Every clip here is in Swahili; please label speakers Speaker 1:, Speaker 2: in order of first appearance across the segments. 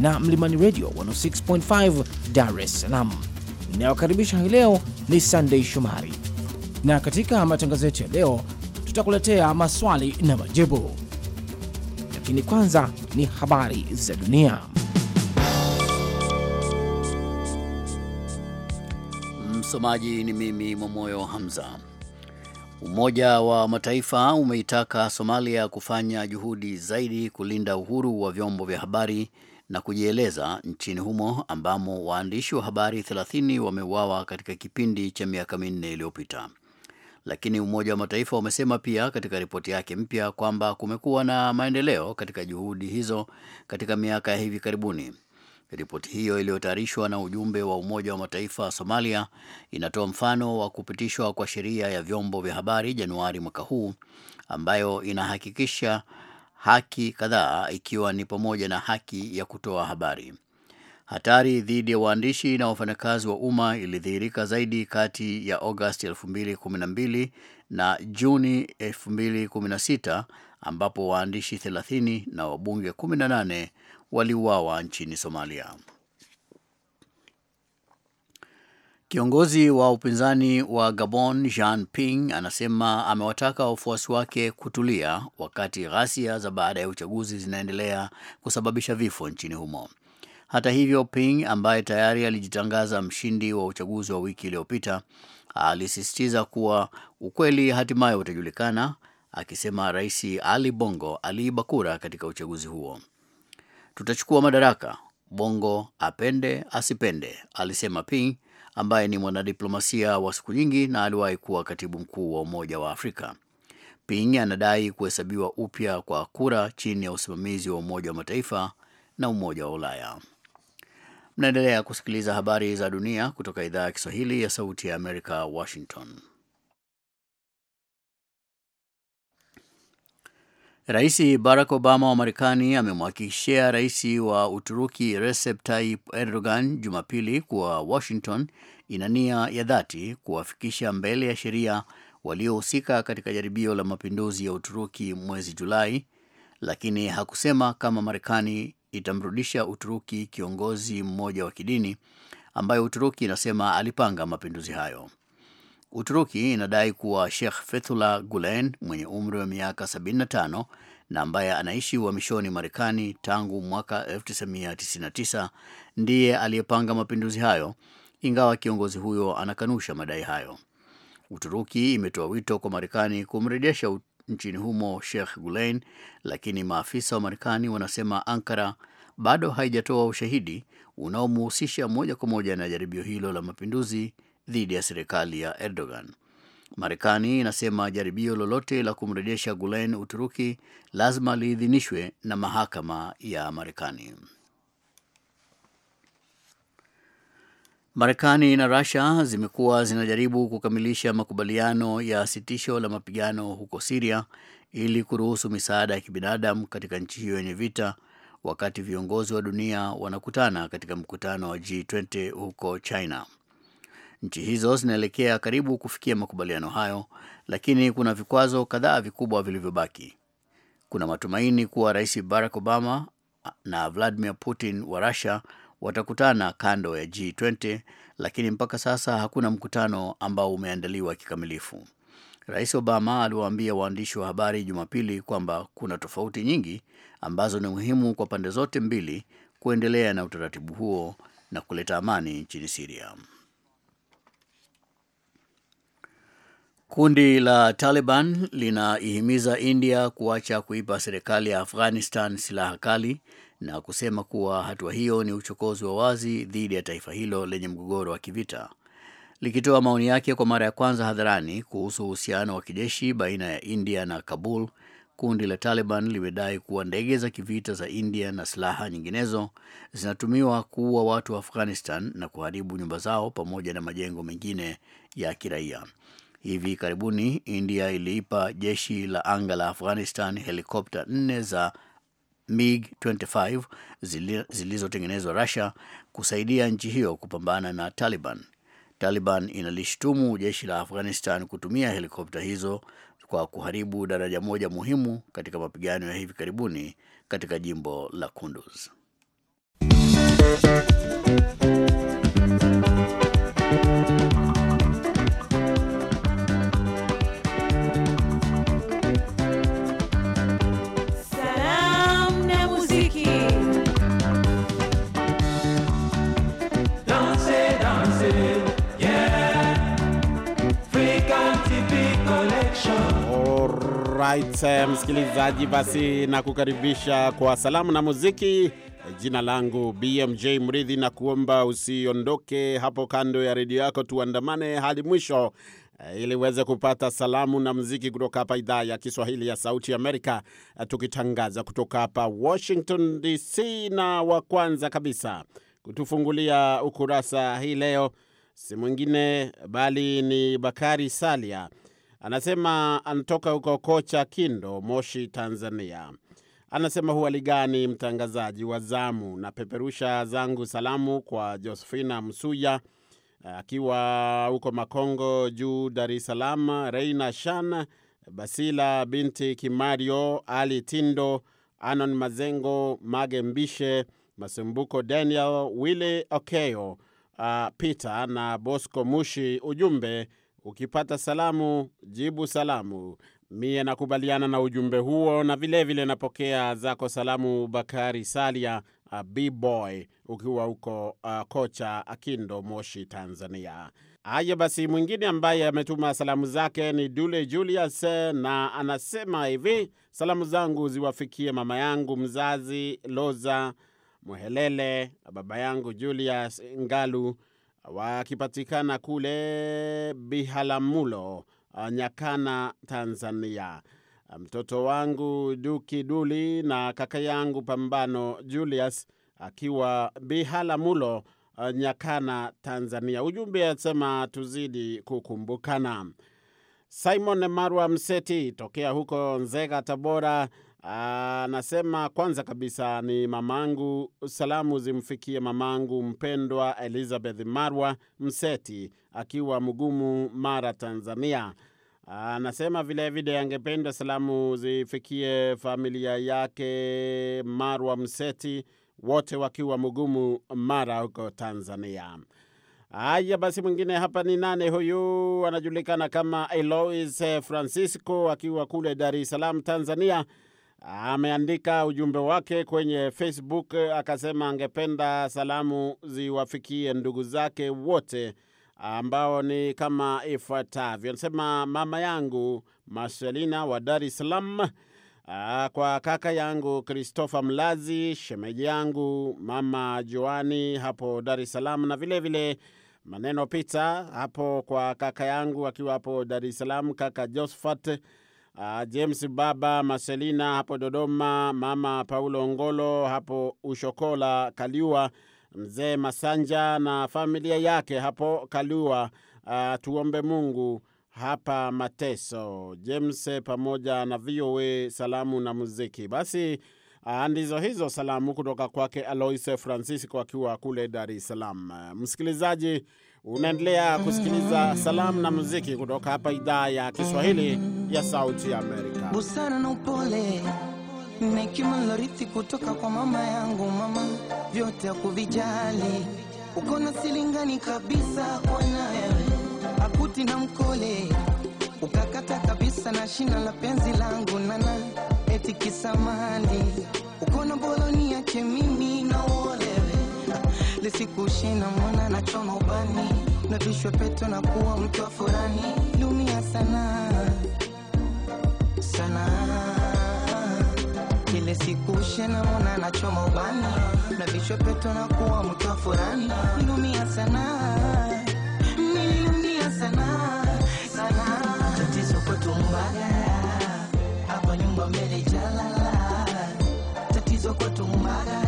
Speaker 1: na Mlimani Radio 106.5 Dar es Salaam. Inayokaribisha hii leo ni Sunday Shomari, na katika matangazo yetu ya leo tutakuletea maswali na majibu, lakini kwanza ni habari za dunia.
Speaker 2: Msomaji ni mimi momoyo Hamza. Umoja wa Mataifa umeitaka Somalia kufanya juhudi zaidi kulinda uhuru wa vyombo vya habari na kujieleza nchini humo ambamo waandishi wa habari 30 wameuawa katika kipindi cha miaka minne iliyopita. Lakini Umoja wa Mataifa umesema pia katika ripoti yake mpya kwamba kumekuwa na maendeleo katika juhudi hizo katika miaka ya hivi karibuni. Ripoti hiyo iliyotayarishwa na ujumbe wa Umoja wa Mataifa Somalia inatoa mfano wa kupitishwa kwa sheria ya vyombo vya habari Januari mwaka huu ambayo inahakikisha haki kadhaa ikiwa ni pamoja na haki ya kutoa habari. Hatari dhidi ya waandishi na wafanyakazi wa umma ilidhihirika zaidi kati ya Agosti 2012 na Juni 2016 ambapo waandishi 30 na wabunge 18 waliuawa nchini Somalia. Kiongozi wa upinzani wa Gabon Jean Ping anasema amewataka wafuasi wake kutulia wakati ghasia za baada ya uchaguzi zinaendelea kusababisha vifo nchini humo. Hata hivyo, Ping ambaye tayari alijitangaza mshindi wa uchaguzi wa wiki iliyopita alisisitiza kuwa ukweli hatimaye utajulikana, akisema Rais Ali Bongo aliiba kura katika uchaguzi huo. Tutachukua madaraka, Bongo apende asipende, alisema Ping ambaye ni mwanadiplomasia wa siku nyingi na aliwahi kuwa katibu mkuu wa Umoja wa Afrika. Ping anadai kuhesabiwa upya kwa kura chini ya usimamizi wa Umoja wa Mataifa na Umoja wa Ulaya. Mnaendelea kusikiliza habari za dunia kutoka idhaa ya Kiswahili ya Sauti ya Amerika, Washington. Rais Barack Obama wa Marekani amemhakikishia rais wa Uturuki Recep Tayyip Erdogan Jumapili kuwa Washington ina nia ya dhati kuwafikisha mbele ya sheria waliohusika katika jaribio la mapinduzi ya Uturuki mwezi Julai, lakini hakusema kama Marekani itamrudisha Uturuki kiongozi mmoja wa kidini ambaye Uturuki inasema alipanga mapinduzi hayo. Uturuki inadai kuwa Sheikh Fethullah Gulen mwenye umri wa miaka 75 na ambaye anaishi uhamishoni Marekani tangu mwaka 1999 ndiye aliyepanga mapinduzi hayo, ingawa kiongozi huyo anakanusha madai hayo. Uturuki imetoa wito kwa Marekani kumrejesha nchini humo Sheikh Gulen, lakini maafisa wa Marekani wanasema Ankara bado haijatoa ushahidi unaomhusisha moja kwa moja na jaribio hilo la mapinduzi dhidi ya serikali ya Erdogan. Marekani inasema jaribio lolote la kumrejesha Gulen Uturuki lazima liidhinishwe na mahakama ya Marekani. Marekani na Russia zimekuwa zinajaribu kukamilisha makubaliano ya sitisho la mapigano huko Siria ili kuruhusu misaada ya kibinadamu katika nchi hiyo yenye vita, wakati viongozi wa dunia wanakutana katika mkutano wa G20 huko China. Nchi hizo zinaelekea karibu kufikia makubaliano hayo, lakini kuna vikwazo kadhaa vikubwa vilivyobaki. Kuna matumaini kuwa Rais Barack Obama na Vladimir Putin wa Russia watakutana kando ya G20, lakini mpaka sasa hakuna mkutano ambao umeandaliwa kikamilifu. Rais Obama aliwaambia waandishi wa habari Jumapili kwamba kuna tofauti nyingi ambazo ni muhimu kwa pande zote mbili kuendelea na utaratibu huo na kuleta amani nchini Siria. Kundi la Taliban linaihimiza India kuacha kuipa serikali ya Afghanistan silaha kali na kusema kuwa hatua hiyo ni uchokozi wa wazi dhidi ya taifa hilo lenye mgogoro wa kivita. Likitoa maoni yake kwa mara ya kwanza hadharani kuhusu uhusiano wa kijeshi baina ya India na Kabul, kundi la Taliban limedai kuwa ndege za kivita za India na silaha nyinginezo zinatumiwa kuua watu wa Afghanistan na kuharibu nyumba zao pamoja na majengo mengine ya kiraia. Hivi karibuni India iliipa jeshi la anga la Afghanistan helikopta nne za MiG-25 zilizotengenezwa Russia kusaidia nchi hiyo kupambana na Taliban. Taliban inalishutumu jeshi la Afghanistan kutumia helikopta hizo kwa kuharibu daraja moja muhimu katika mapigano ya hivi karibuni katika jimbo la Kunduz.
Speaker 3: Rights. Eh, msikilizaji, basi kukaribisha kwa salamu na muziki. Jina langu BMJ Mridhi, na kuomba usiondoke hapo kando ya redio yako, tuandamane hadi mwisho eh, ili uweze kupata salamu na muziki kutoka hapa idhaa ya Kiswahili ya Sauti Amerika, eh, tukitangaza kutoka hapa Washington DC. Na wa kwanza kabisa kutufungulia ukurasa hii leo si mwingine bali ni Bakari Salia Anasema anatoka huko Kocha Kindo, Moshi, Tanzania. Anasema hualigani gani mtangazaji wa zamu, na peperusha zangu salamu kwa josefina Msuya akiwa huko Makongo Juu, Dar es Salaam, Reina Shan Basila binti Kimario, Ali Tindo, Anon Mazengo, Mage Mbishe, Masumbuko Daniel, Willy Okeo, uh, Peter na Bosco Mushi. Ujumbe Ukipata salamu, jibu salamu. Mie nakubaliana na ujumbe huo, na vilevile vile napokea zako salamu, Bakari Salia Bboy, ukiwa huko uh, Kocha Akindo, Moshi, Tanzania. Haya basi, mwingine ambaye ametuma salamu zake ni Dule Julius na anasema hivi: salamu zangu ziwafikie mama yangu mzazi Loza Mhelele, baba yangu Julius Ngalu wakipatikana kule bihalamulo eh, Nyakana, Tanzania. Mtoto wangu Duki Duli na kaka yangu Pambano Julius akiwa bihalamulo eh, Nyakana, Tanzania. Ujumbe asema tuzidi kukumbukana. Simon Marwa Mseti tokea huko Nzega, Tabora Anasema ah, kwanza kabisa ni mamangu, salamu zimfikie mamangu mpendwa Elizabeth Marwa Mseti akiwa Mgumu, Mara, Tanzania. Anasema ah, vilevile angependa salamu zifikie familia yake Marwa Mseti, wote wakiwa Mgumu, Mara huko Tanzania. Haya basi, mwingine hapa ni nane. Huyu anajulikana kama Elois Francisco akiwa kule Dar es Salaam, Tanzania ameandika ujumbe wake kwenye Facebook akasema angependa salamu ziwafikie ndugu zake wote ambao ni kama ifuatavyo. Anasema mama yangu Marcelina wa Dar es Salaam, ah, kwa kaka yangu Christopher Mlazi, shemeji yangu mama Joani hapo Dar es Salaam, na vilevile vile maneno pita hapo kwa kaka yangu akiwa hapo Dar es Salaam, kaka Josphat Uh, James Baba Maselina hapo Dodoma, Mama Paulo Ngolo hapo Ushokola Kaliwa, Mzee Masanja na familia yake hapo Kaliua. Uh, tuombe Mungu hapa Mateso. James eh, pamoja na VOA salamu na muziki. Basi uh, ndizo hizo salamu kutoka kwake Aloise Francisco akiwa kule Dar es Salaam. Msikilizaji Unaendelea mm-hmm. kusikiliza salamu na muziki kutoka hapa idhaa ya Kiswahili ya Sauti ya Amerika.
Speaker 4: Busara na upole na kutoka kwa mama yangu, mama vyote ya kuvijali, uko na silingani kabisa kwanawe akuti na mkole, ukakata kabisa na shina la penzi langu nana eti kisamandi, uko na boloni yake mimi na wole lisikushinda mwana na choma ubani na vishwa peto na kuwa mtu wa furani lumia sana sana ile siku shena mwana na choma ubani na vishwa peto na kuwa mtu wa furani lumia sana nililumia sana sana tatizo kwetu mbagala hapa nyumba mbele jalala tatizo kwetu mbagala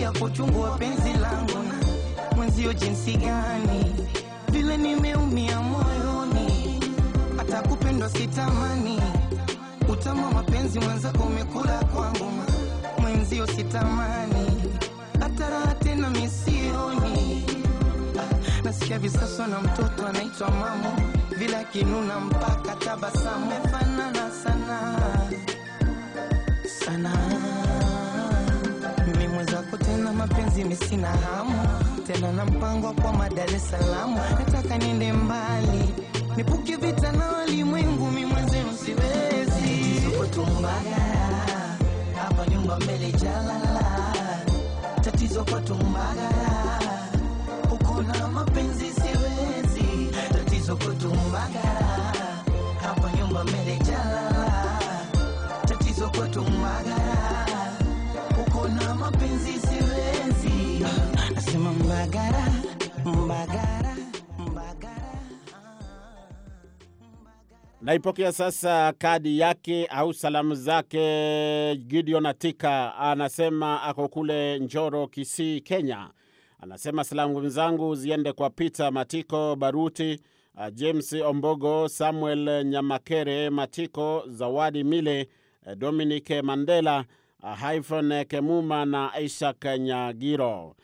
Speaker 4: ya kuchungua penzi langu na mwenzio, jinsi gani vile nimeumia moyoni, hata kupendwa sitamani. Utamu wa mapenzi mwenzako umekula kwangu, mwenzio sitamani, hata raha tena misioni. Nasikia visasa na mtoto anaitwa mamo, vile akinuna mpaka tabasamu mefanana sana kazi mimi sina hamu tena, na mpango kwa madar es Salaam, nataka niende mbali, nipuke vita na walimwengu, mimi mwenzenu siwezi tumbagala hapa nyumba mbele jalala, tatizo kwa tumbagala uko na mapenzi siwezi, tatizo kwa tumbagala hapa nyumba mbele jalala, tatizo kwa tumbagala uko na mapenzi siwezi Mbagara, Mbagara, Mbagara.
Speaker 3: Naipokea sasa kadi yake au salamu zake. Gideon Atika anasema ako kule Njoro, Kisii, Kenya. Anasema salamu zangu ziende kwa Peter Matiko, Baruti uh, James Ombogo, Samuel Nyamakere, Matiko Zawadi, Mile uh, Dominic Mandela, Haifon uh, Kemuma na Isaac Nyagiro.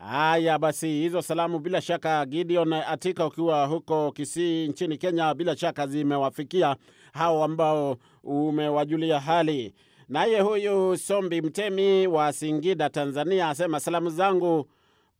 Speaker 3: Haya basi, hizo salamu bila shaka, Gideon Atika, ukiwa huko Kisii nchini Kenya, bila shaka zimewafikia hao ambao umewajulia hali. Naye huyu Sombi Mtemi wa Singida, Tanzania, asema salamu zangu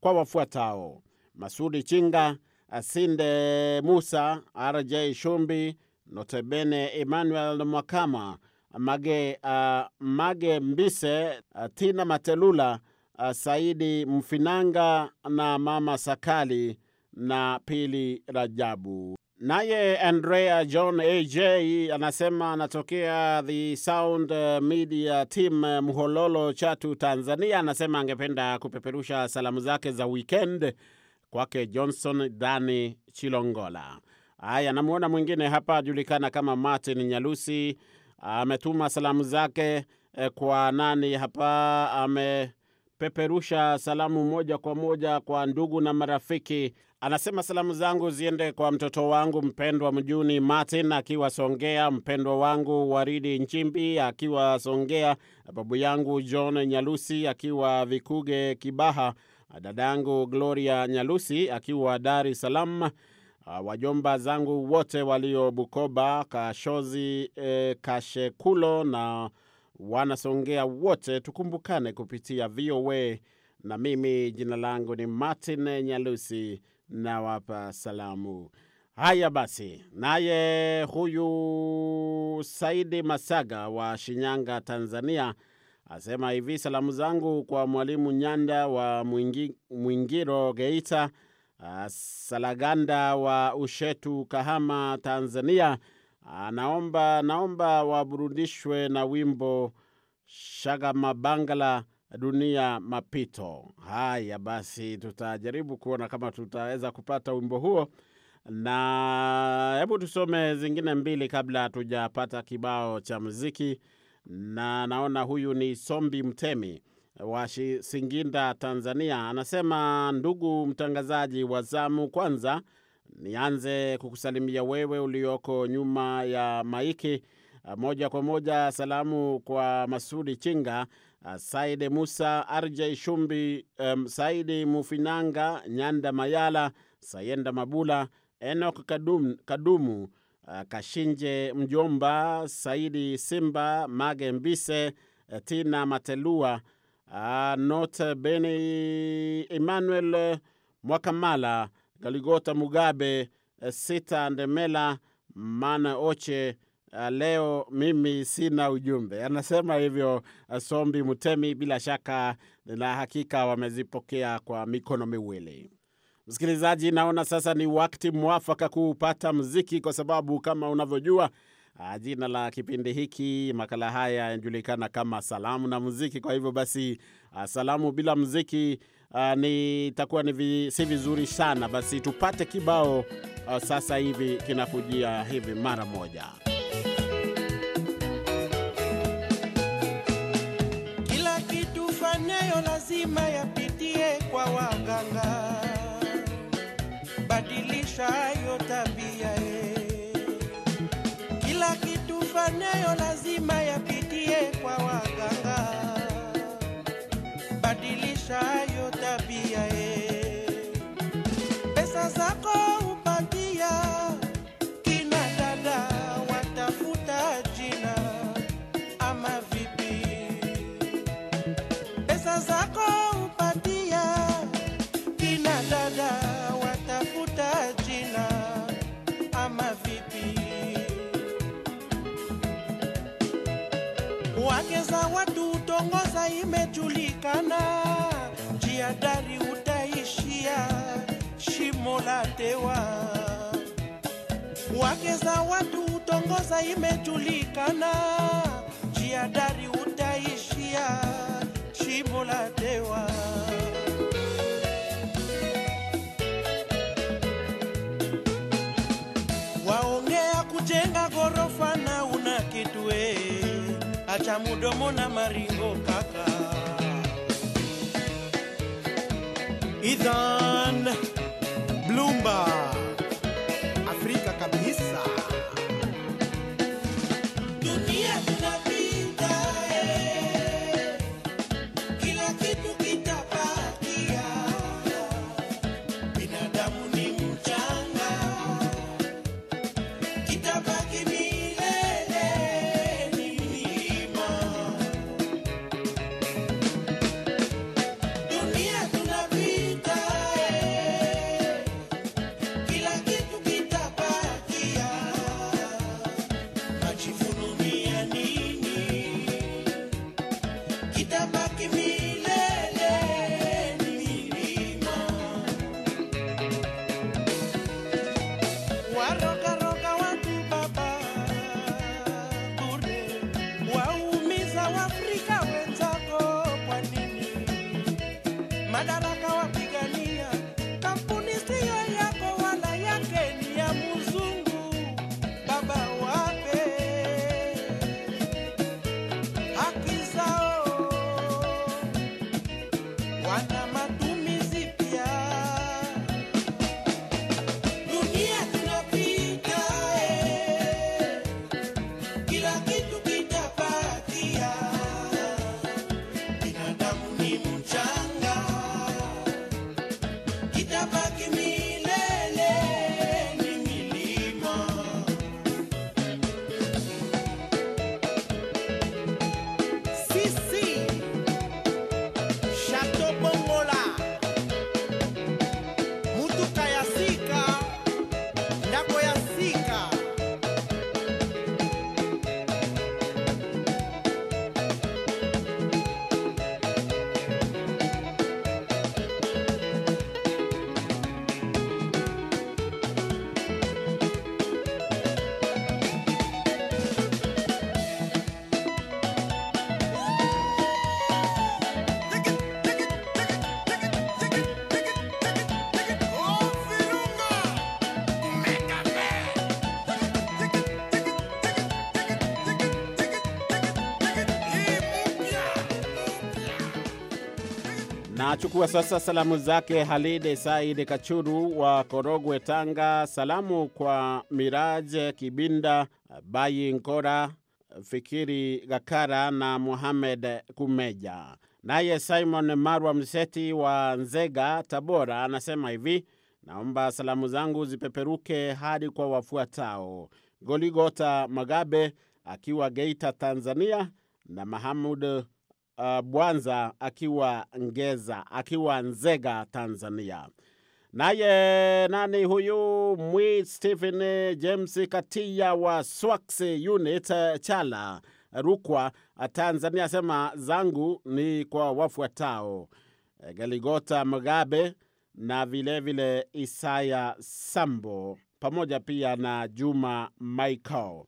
Speaker 3: kwa wafuatao: Masudi Chinga, Asinde Musa, RJ Shumbi, Notebene Emmanuel Mwakama, Mage, uh, Mage Mbise, uh, Tina Matelula Ah, Saidi Mfinanga na Mama Sakali na Pili Rajabu. Naye Andrea John AJ anasema anatokea The Sound Media Team, Mhololo, Chatu, Tanzania. Anasema angependa kupeperusha salamu zake za weekend kwake Johnson Dani Chilongola. Haya, namwona mwingine hapa ajulikana kama Martin Nyalusi, ametuma salamu zake eh, kwa nani hapa ame kupeperusha salamu moja kwa moja kwa ndugu na marafiki. Anasema salamu zangu ziende kwa mtoto wangu mpendwa Mjuni Martin akiwa Songea, mpendwa wangu Waridi Nchimbi akiwa Songea, babu yangu John Nyalusi akiwa Vikuge Kibaha, dadangu Gloria Nyalusi akiwa Dar es Salaam, ah, wajomba zangu wote walio Bukoba, Kashozi eh, Kashekulo na wanasongea wote, tukumbukane kupitia VOA na mimi jina langu ni Martin Nyalusi na wapa salamu. Haya basi, naye huyu Saidi Masaga wa Shinyanga, Tanzania asema hivi: salamu zangu kwa Mwalimu Nyanda wa Mwingi, Mwingiro Geita, Salaganda wa Ushetu, Kahama, Tanzania, anaomba ah, naomba waburudishwe na wimbo mabangala dunia mapito. Haya basi, tutajaribu kuona kama tutaweza kupata wimbo huo, na hebu tusome zingine mbili kabla hatujapata kibao cha muziki. Na naona huyu ni Sombi Mtemi wa Singinda, Tanzania, anasema: ndugu mtangazaji wa zamu, kwanza nianze kukusalimia wewe ulioko nyuma ya maiki moja kwa moja. Salamu kwa Masudi Chinga, Saidi Musa, RJ Shumbi, um, Saidi Mufinanga, Nyanda Mayala, Sayenda Mabula, Enok Kadum, Kadumu, uh, Kashinje Mjomba, Saidi Simba, Mage Mbise, e, Tina Matelua, uh, Not Beni, Emmanuel Mwakamala Galigota Mugabe, eh, Sita Ndemela, Mana Oche. Eh, leo mimi sina ujumbe, anasema hivyo eh, Sombi Mutemi. Bila shaka na hakika wamezipokea kwa mikono miwili. Msikilizaji, naona sasa ni wakati mwafaka kuupata mziki, kwa sababu kama unavyojua ah, jina la kipindi hiki, makala haya yanajulikana kama salamu na muziki. Kwa hivyo basi, ah, salamu bila muziki Ah, ni itakuwa ni vi, si vizuri sana. Basi tupate kibao uh, sasa hivi kinakujia hivi mara moja.
Speaker 5: Kila kitu fanyayo lazima yapitie kwa waganga, badilisha yo tabia e. Kila kitu fanyayo lazima yapitie kwa waganga, badilisha sana, njia dari utaishia shimo la tewa. Wake za watu utongoza imejulikana, njia dari utaishia shimo la tewa. Waongea kujenga ghorofa na una kitwe, acha mudomo na maringo kaka on.
Speaker 3: Nachukua sasa salamu zake Halide Said Kachuru wa Korogwe, Tanga. Salamu kwa Miraje Kibinda, Bayi Nkora, Fikiri Gakara na Muhamed Kumeja. Naye Simon Marwa Mseti wa Nzega, Tabora, anasema hivi: naomba salamu zangu zipeperuke hadi kwa wafuatao Goligota Magabe akiwa Geita, Tanzania, na Mahamud uh, Bwanza akiwa Ngeza, akiwa Nzega, Tanzania. Naye nani huyu mwi Stephen James Katia wa Swax Unit Chala, Rukwa, Tanzania asema zangu ni kwa wafuatao Galigota mgabe na vilevile vile Isaya Sambo pamoja pia na Juma Michael.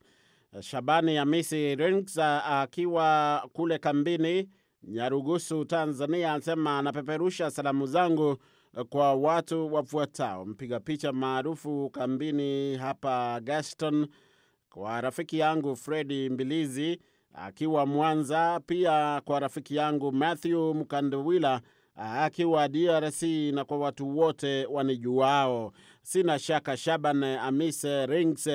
Speaker 3: Shabani Hamisi Rinks akiwa kule kambini Nyarugusu, Tanzania, anasema anapeperusha salamu zangu e, kwa watu wafuatao: mpiga picha maarufu kambini hapa Gaston, kwa rafiki yangu Fredi Mbilizi akiwa Mwanza, pia kwa rafiki yangu Matthew Mkandewila akiwa DRC na kwa watu wote wanijuao. Sina shaka Shaban Amise Rings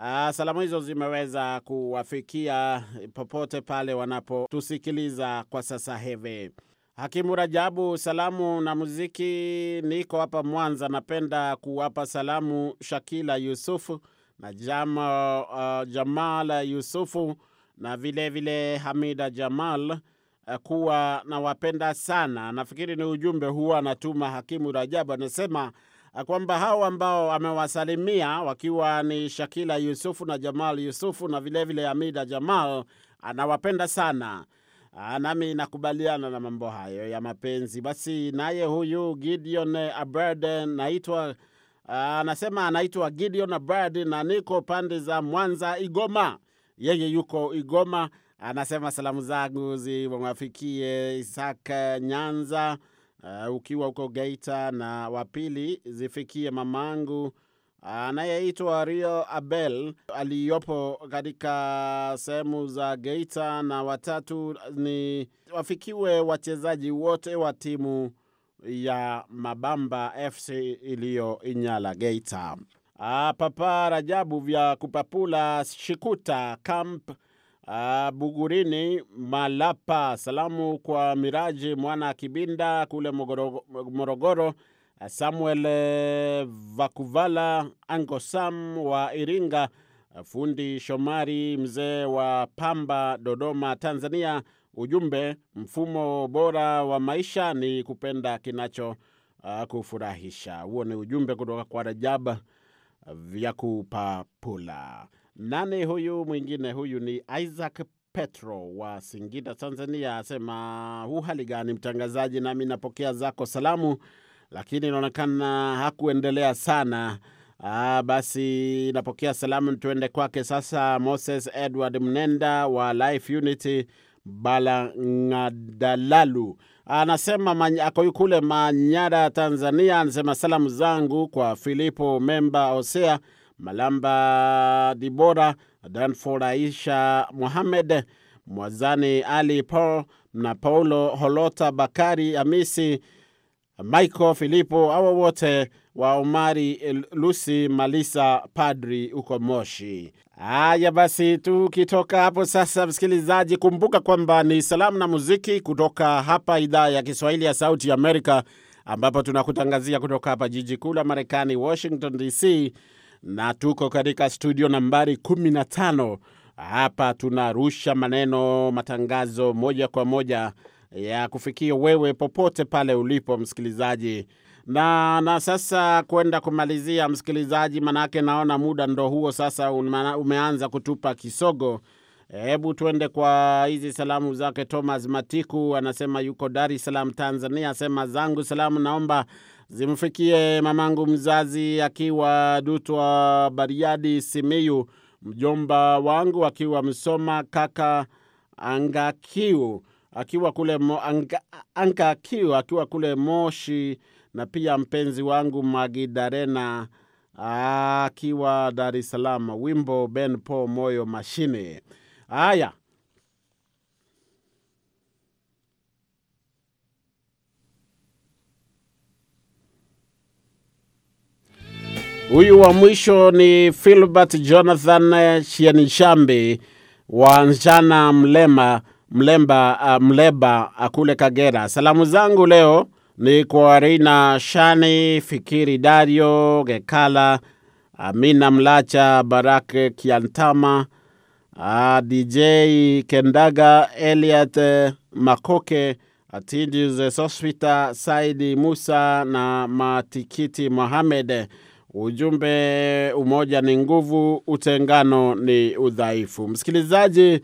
Speaker 3: Uh, salamu hizo zimeweza kuwafikia popote pale wanapotusikiliza kwa sasa hivi. Hakimu Rajabu, salamu na muziki. Niko hapa Mwanza, napenda kuwapa salamu Shakila Yusufu na Jama, uh, Jamal Yusufu na vilevile vile Hamida Jamal uh, kuwa nawapenda sana. Nafikiri ni ujumbe huwa anatuma Hakimu Rajabu, anasema kwamba hao ambao amewasalimia wakiwa ni Shakila Yusufu na Jamal Yusufu na vilevile amida Jamal anawapenda sana. Aa, ah, nami nakubaliana na mambo hayo ya mapenzi. Basi naye huyu Gideon Abrade naitwa ah, anasema anaitwa Gideon Abrade na niko pande za Mwanza Igoma, yeye yuko Igoma. Anasema salamu zangu ziwafikie Isaka Nyanza uh, ukiwa huko Geita, na wa pili zifikie mamangu eh, anayeitwa Rio Abel aliyopo katika sehemu za Geita, na watatu ni wafikiwe wachezaji wote wa timu ya Mabamba FC iliyo Inyala Geita. Ah, Papa Rajabu vya kupapula Shikuta Camp Uh, Bugurini Malapa. Salamu kwa Miraji Mwana Kibinda kule Morogoro, Samuel eh, Vakuvala, Angosam wa Iringa, eh, fundi Shomari mzee wa Pamba, Dodoma, Tanzania. Ujumbe, mfumo bora wa maisha ni kupenda kinacho uh, kufurahisha. Huo ni ujumbe kutoka kwa Rajab eh, vya kupapula. Nani huyu mwingine? Huyu ni Isaac Petro wa Singida, Tanzania, asema hu hali gani mtangazaji, nami napokea zako salamu, lakini inaonekana hakuendelea sana. Ah, basi napokea salamu, tuende kwake sasa. Moses Edward Mnenda wa Life Unity Balangadalalu anasema ako kule Manyara, Tanzania, anasema salamu zangu kwa Filipo Memba Hosea Malamba Dibora, Danford Aisha Mohamed, Mwazani Ali Paul na Paulo Holota Bakari Hamisi, Michael Filipo, awa wote wa Omari Lusi Malisa Padri huko Moshi. Haya basi, tukitoka hapo sasa, msikilizaji, kumbuka kwamba ni salamu na muziki kutoka hapa idhaa ya Kiswahili ya Sauti ya Amerika, ambapo tunakutangazia kutoka hapa jiji kuu la Marekani, Washington DC na tuko katika studio nambari 15 hapa tunarusha maneno matangazo moja kwa moja ya kufikia wewe popote pale ulipo msikilizaji na na sasa kwenda kumalizia msikilizaji manake naona muda ndo huo sasa umeanza kutupa kisogo hebu tuende kwa hizi salamu zake Thomas Matiku anasema yuko Dar es Salaam Tanzania asema zangu salamu naomba zimfikie mamangu mzazi akiwa Dutwa Bariadi Simiyu, mjomba wangu akiwa Msoma, kaka Angakiu akiwa kule mo, anga, Angakiu akiwa kule Moshi, na pia mpenzi wangu Magidarena akiwa Dar es Salaam. Wimbo Ben Po, moyo mashine. Haya, Huyu wa mwisho ni Philbert Jonathan Shienishambi wa Njana Mlema Mlemba uh, Mleba uh, kule Kagera. Salamu zangu leo ni kwa Rina Shani, Fikiri Dario, Gekala, Amina Mlacha, Barake Kiantama, uh, DJ Kendaga, Eliat uh, Makoke, Atidius uh, Sospita, Saidi Musa na Matikiti Mohamed. Ujumbe umoja ni nguvu, utengano ni udhaifu. Msikilizaji,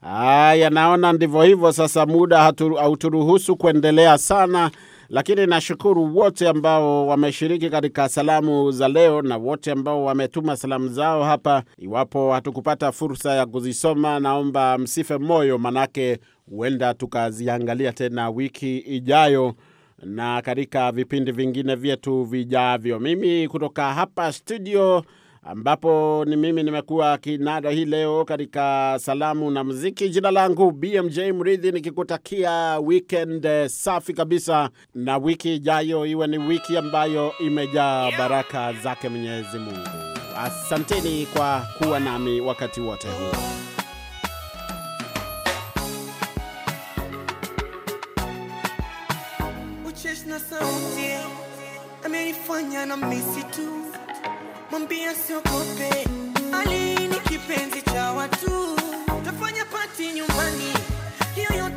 Speaker 3: haya naona ndivyo hivyo. Sasa muda hauturuhusu kuendelea sana, lakini nashukuru wote ambao wameshiriki katika salamu za leo na wote ambao wametuma salamu zao hapa. Iwapo hatukupata fursa ya kuzisoma, naomba msife moyo, manake huenda tukaziangalia tena wiki ijayo na katika vipindi vingine vyetu vijavyo. Mimi kutoka hapa studio ambapo ni mimi nimekuwa kinada hii leo katika salamu na muziki. Jina langu BMJ Mridhi, nikikutakia weekend eh, safi kabisa, na wiki ijayo iwe ni wiki ambayo imejaa baraka zake Mwenyezi Mungu. Asanteni kwa kuwa nami wakati wote huu.
Speaker 4: sauti amenifanya na misi tu, mwambia siogope, Ali ni kipenzi cha watu, tafanya pati nyumbani, hiyo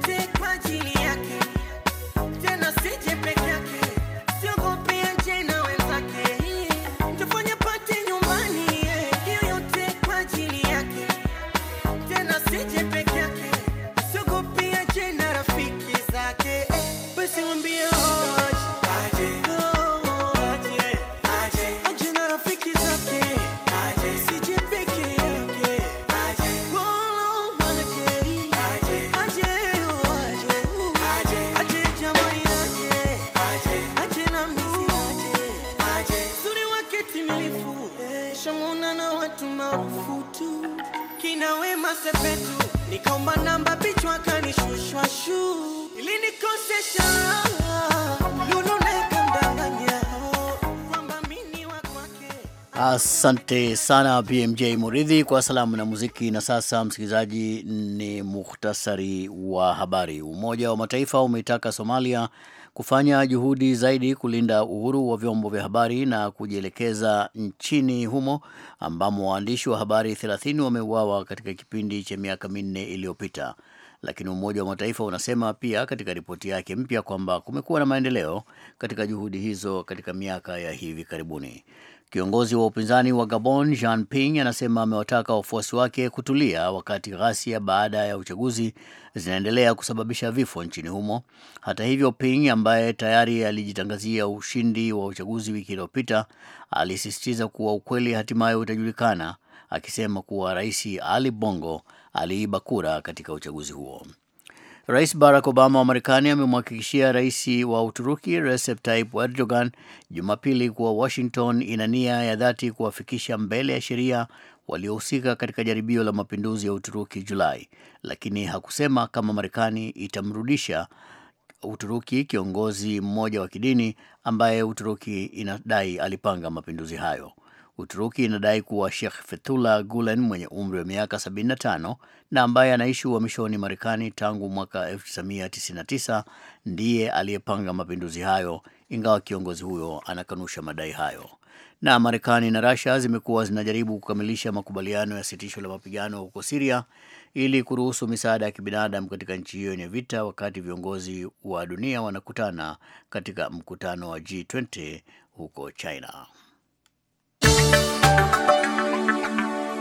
Speaker 2: Asante sana BMJ Muridhi kwa salamu na muziki. Na sasa, msikilizaji, ni muhtasari wa habari. Umoja wa Mataifa umeitaka Somalia kufanya juhudi zaidi kulinda uhuru wa vyombo vya habari na kujielekeza nchini humo ambamo waandishi wa habari 30 wameuawa katika kipindi cha miaka minne iliyopita lakini Umoja wa Mataifa unasema pia katika ripoti yake mpya kwamba kumekuwa na maendeleo katika juhudi hizo katika miaka ya hivi karibuni. Kiongozi wa upinzani wa Gabon Jean Ping anasema amewataka wafuasi wake kutulia wakati ghasia baada ya uchaguzi zinaendelea kusababisha vifo nchini humo. Hata hivyo, Ping ambaye tayari alijitangazia ushindi wa uchaguzi wiki iliyopita alisisitiza kuwa ukweli hatimaye utajulikana, akisema kuwa Rais Ali Bongo aliiba kura katika uchaguzi huo. Rais Barack Obama wa Marekani amemhakikishia rais wa Uturuki Recep Tayyip Erdogan Jumapili kuwa Washington ina nia ya dhati kuwafikisha mbele ya sheria waliohusika katika jaribio la mapinduzi ya Uturuki Julai, lakini hakusema kama Marekani itamrudisha Uturuki kiongozi mmoja wa kidini ambaye Uturuki inadai alipanga mapinduzi hayo. Uturuki inadai kuwa Sheikh Fethullah Gulen mwenye umri wa miaka 75 na ambaye anaishi uhamishoni Marekani tangu mwaka 1999 ndiye aliyepanga mapinduzi hayo, ingawa kiongozi huyo anakanusha madai hayo. Na Marekani na Russia zimekuwa zinajaribu kukamilisha makubaliano ya sitisho la mapigano huko Siria ili kuruhusu misaada ya kibinadamu katika nchi hiyo yenye vita, wakati viongozi wa dunia wanakutana katika mkutano wa G20 huko China.